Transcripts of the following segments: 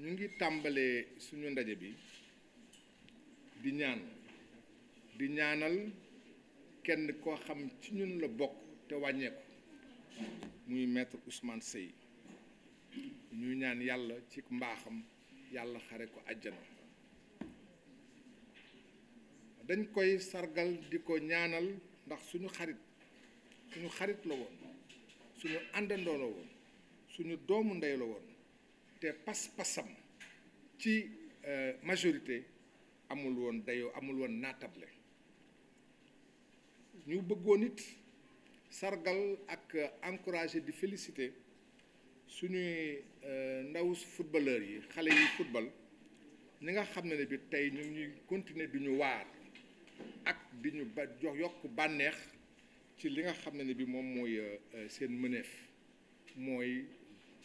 ñu ngi tàmbalee suñu ndaje bi di ñaan di ñaanal kenn koo xam ci ñun la bokk te wàññeeku muy maître Ousmane Seye ñu ñaan yàlla ci mbaaxam yàlla xare ko àjjana dañ koy sargal di ko ñaanal ndax suñu xarit suñu xarit la woon suñu àndandoo woon suñu doomu ndey la woon te pas-pasam ci euh, majorité amul woon dayoo amul woon naatable ñu bëggoon it sargal ak encourager di féliciter suñuy euh, ndaw footballeur yi xale yi football ni nga xam ne bi tey ñu ñuy continuer di ñu waar ak di ñu ba jox yokk bànneex ci li nga xam ne bi moom mooy euh, seen mëneef mooy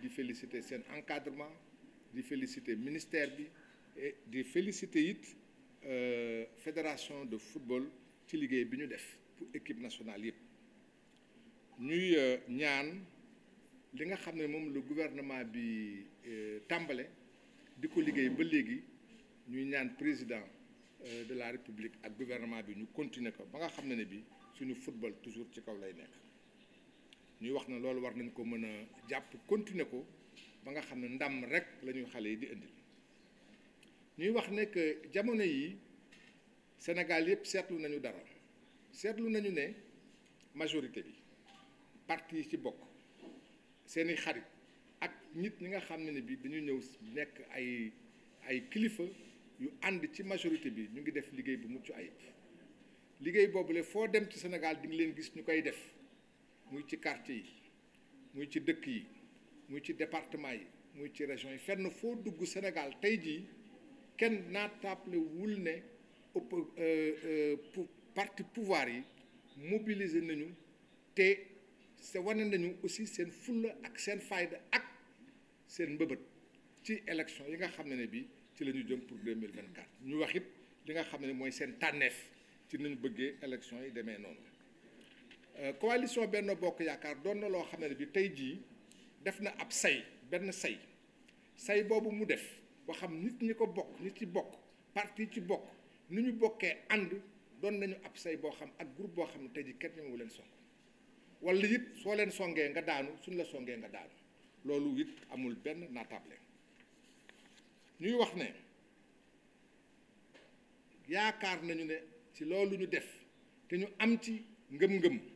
di féliciter son encadrement di féliciter ministère bi et di féliciter it euh, fédération de football ci liggéey bi ñu def pour équipe nationale yépp ñuy euh, ñaan li nga xam ne le gouvernement bi euh, tàmbale di ko liggéey ba léegi ñuy ñaan président de la république ak gouvernement bi ñu continuer ko ba nga xam ne bi suñu football toujours ci kaw lay nekk ñuy wax na loolu war nañ ko mën a jàpp continuer ko ba nga xam ne ndam rek lañuy xale yi di indil ñuy wax ne que jamono yi Sénégal yëpp seetlu nañu dara seetlu nañu ne majorité bi parti yi ci bokk seeni xarit ak nit ñi nga xam ne bi dañu ñëw nekk ay ay kilifa yu ànd ci majorité bi ñu ngi def liggéey bu mucc ayib liggéey boobule foo dem ci Sénégal di nga leen gis ñu koy def muy ci quartier yi muy ci dëkk yi muy ci département yi muy ci région yi fenn foo dugg Sénégal tey jii kenn naataable wul ne ëpp euh, euh, parti pouvoir yi mobiliser nañu te se wane nañu aussi seen fulla ak seen fayda ak seen mbëbët ci élection yi nga xam ne ne bii ci la ñu jëm pour 2024 ñu waxit li nga xam ne mooy seen tànneef ci nañu bëggee élection yi demee noonu Euh, coalition benn Bokk Yaakaar doon na loo xam ni bi tey jii def na ab say benn say say boobu mu def boo xam nit ñi ko bokk nit ci bokk parti ci bokk ni ñu bokkee ànd doon nañu ab say boo xam ak groupe boo xam ne tey jii kenn ñoom wu leen song wala it soo leen songee nga daanu suñ la songee nga daanu loolu it amul benn naatable ñuy wax ne yaakaar nañu ne ci loolu ñu def te ñu am ci ngëm-ngëm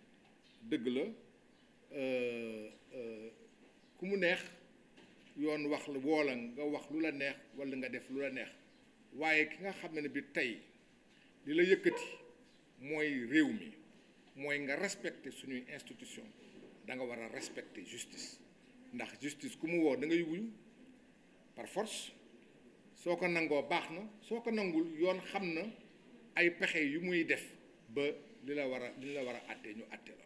dëgg la euh, euh, ku mu neex yoon wax la la nga wax lu la neex wala nga def lu la neex waaye ki nga xam ne bi tey li la yëkkati mooy réew mi mooy nga respecté suñu institution da nga war a respecté justice ndax justice ku mu woo da nga wuyu par force soo ko nangoo baax na soo ko nangul yoon xam na ay pexe yu muy def ba li la war a li la war a ñu àtte la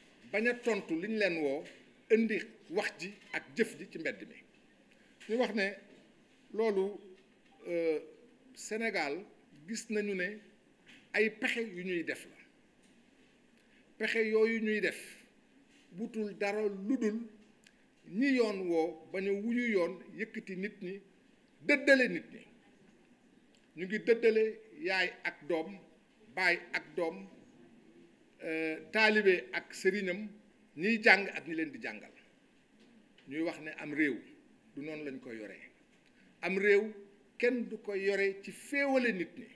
baña tontu liñ leen woo indi wax ji ak jëf ji ci mbedd mi ñu wax ne loolu euh, senegal gis nañu ne ay pexe yu ñuy def la pexe yooyu ñuy def wutul dara lu dul ñi yoon woo bañ wuyu yoon yëkkati nit ñi dëddale nit ñi ñu ngi dëddale yaay ak doom baay ak doom Euh, taalibe ak sëriñam ñiy jàng ak ñi leen di jàngal ñuy wax ne am réew du noonu lañ ko yore am réew kenn du ko yore ci féewale nit ñi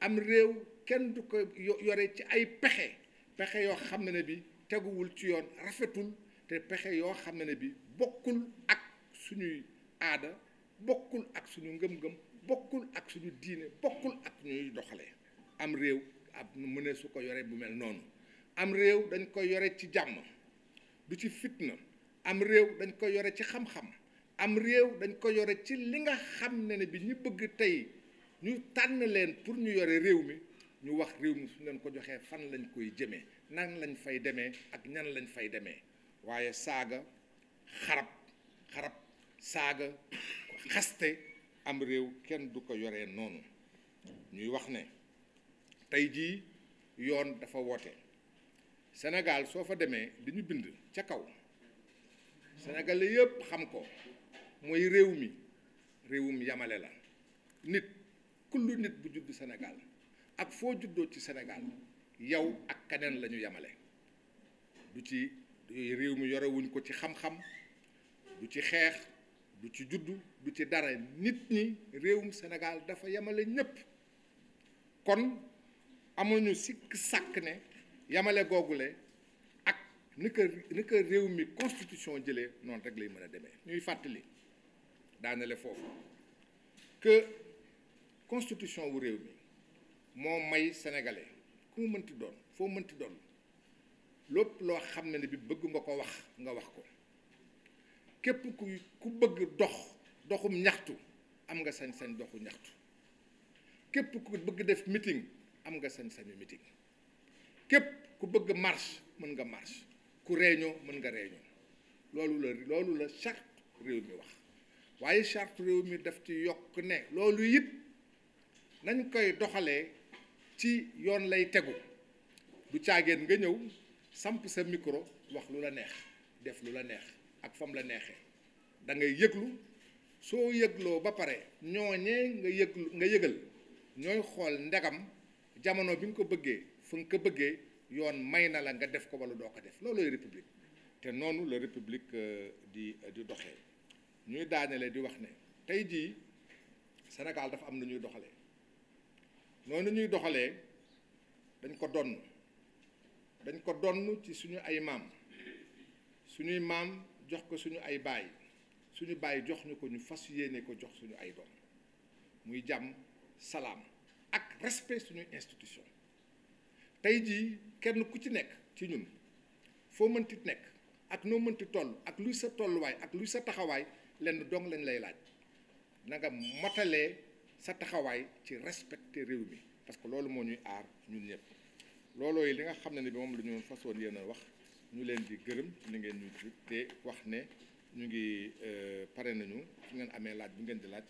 am réew kenn du ko yore ci ay pexe pexe yoo xam ne ne bi teguwul ci yoon rafetul te pexe yoo xam ne bi bokkul ak suñuy aada bokkul ak suñu ngëm-ngëm bokkul ak suñu diine bokkul ak ñuy doxalee am réew ab mu ne su ko yore bu mel noonu am réew dañ ko yore ci jàmm du ci fitna am réew dañ ko yore ci xam-xam am réew dañ ko yore ci li nga xam ne ne bi ñu bëgg tey ñu tànn leen pour ñu yore réew mi ñu wax réew mi su leen ko joxee fan lañ koy jëmee nan lañ fay demee ak ñan lañ fay demee waaye saaga xarab xarab saaga xaste am réew kenn du ko yoree noonu ñuy wax ne tey jii yoon dafa woote senegal soo fa demee li ñu bind ca kaw sénégalais yépp xam ko mooy réew mi réewum yamale la nit kullu nit bu judd Sénégal ak foo juddoo ci Sénégal yow ak keneen lañu ñu yamale du ci réew mi yorewuñ ko ci xam-xam du ci xeex du ci juddu du ci dara nit ñi réewum senegal dafa yamale ñépp kon amuñu sikk sàkk ne yamale googule ak ni ko ni ko réew mi constitution jëlee noonu rek lay mën a deme ñuy fàttali daanale foofu que constitution wu réew mi moo may sénégalais ku mu mënti doon foo mënti doon lépp loo xam ne ne bi bëgg nga ko wax nga wax ko képp ku ku bëgg dox doxum ñaxtu am nga sañ-sañ doxu ñaxtu képp ku bëgg def meeting. am nga seen sañu meeting képp ku bëgg marche mën nga marche ku réunion mën nga réunion loolu la loolu la charte réew mi wax waaye charte réew mi daf ci yokk ne loolu it nañ koy doxalee ci yoon lay tegu bu caageen nga ñëw samp sa micro wax lu la neex def lu la neex ak fam la neexee da ngay yëglu soo yëgloo ba pare ñooñee nga yëglu nga yëgal ñooy xool ndegam jamono bi nga ko bëggee fu nga ko bëggee yoon may na la nga def ko wala doo ko def loolooy république te noonu la république euh, di euh, di doxee ñuy daanele di wax ne tey jii Sénégal dafa am na ñuy doxalee noonu ñuy doxalee dañ ko donn dañ ko donn ci suñu ay maam suñuy maam jox ko suñu ay baay suñu baay jox ñu ko ñu fas yéene ko jox suñu ay doom muy jàmm salaam ak respect suñu institution tey jii kenn ku ci nekk ci ñun foo mënti nekk ak noo mënti toll ak luy sa tolluwaay ak luy sa taxawaay lenn dong lañ lay laaj na nga motalee sa taxawaay ci respecter réew mi parce que loolu moo ñuy aar ñun ñëpp loolooyu li nga xam ne ni bi moom la ñu façon yéen a wax ñu leen di gërëm ci li ngeen ñu te wax ne ñu ngi euh, pare nañu su ngeen amee laaj bu ngeen di laaj